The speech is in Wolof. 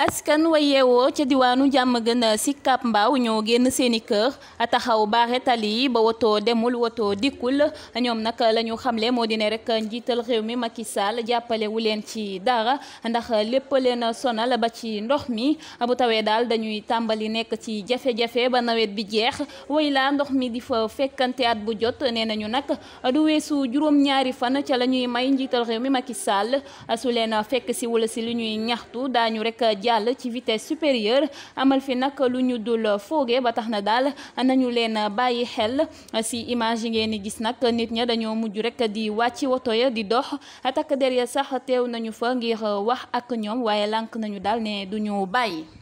askan wa yeewoo ca diwaanu jàmm gën si Cap Mbaaw ñoo génn seeni kër taxaw baare tali ba woto demul woto dikkul ñoom nag la ñu xamle moo di ne rek njiital réew mi Macky Sall jàppalewu leen ci dara ndax lépp leen sonal ba ci ndox mi bu tawee daal dañuy tàmbali nekk ci jafe ba nawet bi jeex way ndox mi di fa at bu jot nee nañu nag du weesu juróom-ñaari la ñuy may njiital réew fekk si wala si lu ñuy ñaxtu daañu rek jàll ci vitesse supérieure amal fi nag lu ñu dul fooge ba tax na daal nañu leen bàyyi xel ci image yi ngeen di gis nag nit ña dañoo mujj rek di wàcci woto ya di dox takk der ya sax teew nañu fa ngir wax ak ñoom waaye lànk nañu daal ne duñu bàyyi